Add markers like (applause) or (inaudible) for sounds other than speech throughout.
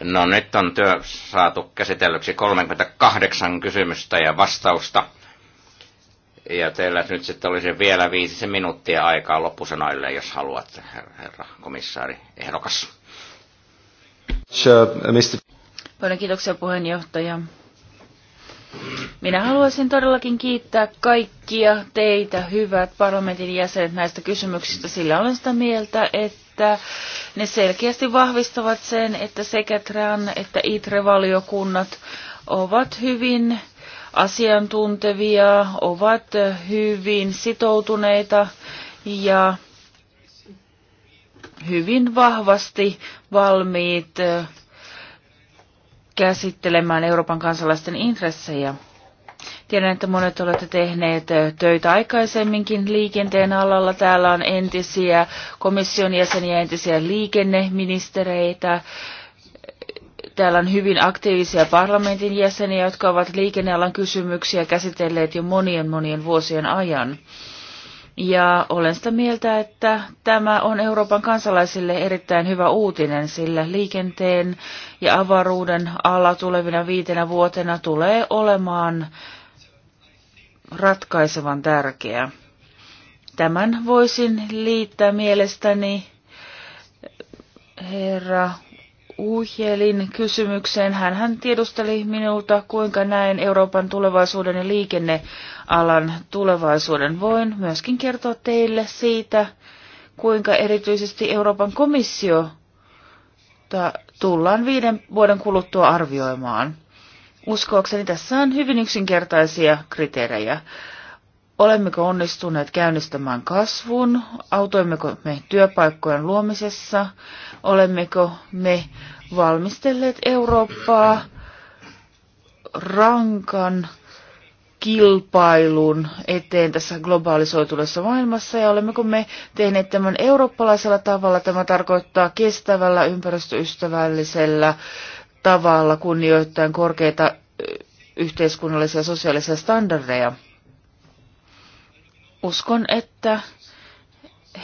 No nyt on työ saatu käsitellyksi 38 kysymystä ja vastausta. Ja teillä nyt sitten olisi vielä viisi minuuttia aikaa loppusanoille, jos haluat, herra komissaari ehdokas. Paljon kiitoksia puheenjohtaja. Minä haluaisin todellakin kiittää kaikkia teitä, hyvät parlamentin jäsenet, näistä kysymyksistä, sillä olen sitä mieltä, että että ne selkeästi vahvistavat sen, että sekä TRAN että ITRE-valiokunnat ovat hyvin asiantuntevia, ovat hyvin sitoutuneita ja hyvin vahvasti valmiit käsittelemään Euroopan kansalaisten intressejä. Tiedän, että monet olette tehneet töitä aikaisemminkin liikenteen alalla. Täällä on entisiä komission jäseniä, entisiä liikenneministereitä. Täällä on hyvin aktiivisia parlamentin jäseniä, jotka ovat liikennealan kysymyksiä käsitelleet jo monien monien vuosien ajan. Ja olen sitä mieltä, että tämä on Euroopan kansalaisille erittäin hyvä uutinen, sillä liikenteen ja avaruuden ala tulevina viitenä vuotena tulee olemaan ratkaisevan tärkeä. Tämän voisin liittää mielestäni herra Ujelin kysymykseen. hän tiedusteli minulta, kuinka näen Euroopan tulevaisuuden ja liikennealan tulevaisuuden. Voin myöskin kertoa teille siitä, kuinka erityisesti Euroopan komissio tullaan viiden vuoden kuluttua arvioimaan. Uskoakseni tässä on hyvin yksinkertaisia kriteerejä. Olemmeko onnistuneet käynnistämään kasvun? Autoimmeko me työpaikkojen luomisessa? Olemmeko me valmistelleet Eurooppaa rankan kilpailun eteen tässä globaalisoituneessa maailmassa ja olemmeko me tehneet tämän eurooppalaisella tavalla. Tämä tarkoittaa kestävällä, ympäristöystävällisellä, tavalla kunnioittain korkeita yhteiskunnallisia ja sosiaalisia standardeja. Uskon, että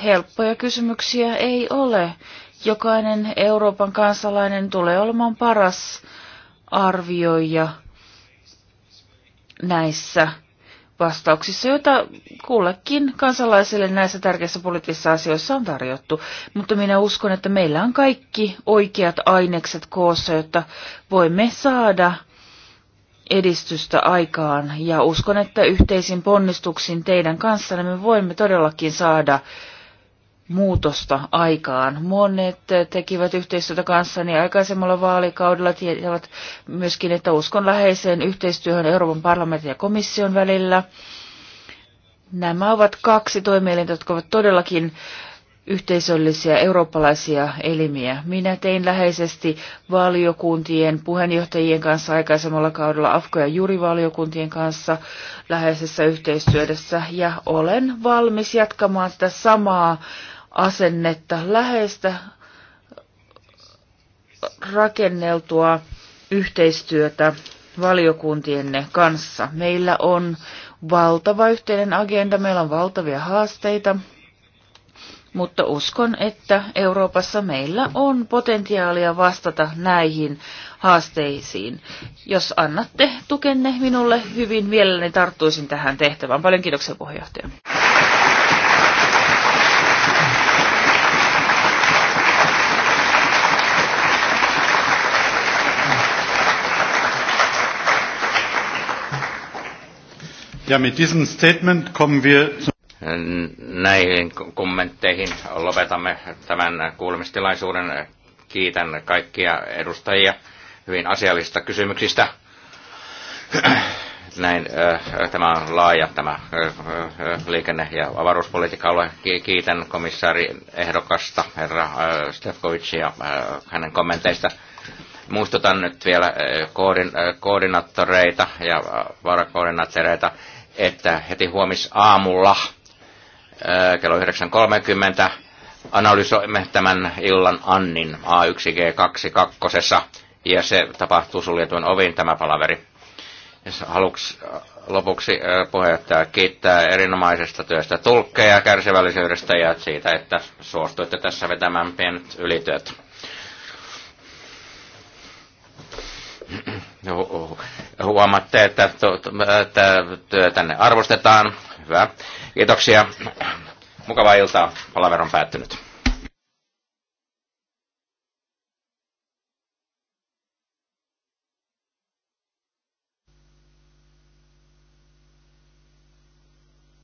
helppoja kysymyksiä ei ole. Jokainen Euroopan kansalainen tulee olemaan paras arvioija näissä vastauksissa, joita kullekin kansalaiselle näissä tärkeissä poliittisissa asioissa on tarjottu. Mutta minä uskon, että meillä on kaikki oikeat ainekset koossa, jotta voimme saada edistystä aikaan. Ja uskon, että yhteisin ponnistuksin teidän kanssanne me voimme todellakin saada muutosta aikaan. Monet tekivät yhteistyötä kanssani aikaisemmalla vaalikaudella, tietävät myöskin, että uskon läheiseen yhteistyöhön Euroopan parlamentin ja komission välillä. Nämä ovat kaksi toimielintä, jotka ovat todellakin yhteisöllisiä eurooppalaisia elimiä. Minä tein läheisesti valiokuntien puheenjohtajien kanssa aikaisemmalla kaudella AFKO- ja jurivaliokuntien kanssa läheisessä yhteistyössä ja olen valmis jatkamaan sitä samaa asennetta, läheistä rakenneltua yhteistyötä valiokuntienne kanssa. Meillä on valtava yhteinen agenda, meillä on valtavia haasteita, mutta uskon, että Euroopassa meillä on potentiaalia vastata näihin haasteisiin. Jos annatte tukenne minulle hyvin, mielelläni tarttuisin tähän tehtävään. Paljon kiitoksia puheenjohtaja. Ja mit diesem statement kommen wir zu näihin kommentteihin lopetamme tämän kuulemistilaisuuden. Kiitän kaikkia edustajia hyvin asiallisista kysymyksistä. Näin, tämä on laaja tämä liikenne- ja avaruuspolitiikka-alue. Kiitän komissaari ehdokasta, herra Stefkovicia, hänen kommenteista. Muistutan nyt vielä koordinaattoreita ja varakoordinaattoreita että heti huomis aamulla, äh, kello 9.30 analysoimme tämän illan Annin A1G22. Ja se tapahtuu suljetun ovin tämä palaveri. Haluksi, äh, lopuksi äh, puheenjohtaja kiittää erinomaisesta työstä tulkkeja, kärsivällisyydestä ja siitä, että suostuitte tässä vetämään pienet ylityöt. (clears throat) Huomaatte, että tänne arvostetaan. Hyvä. Kiitoksia. Mukavaa iltaa. Palaveron päättynyt.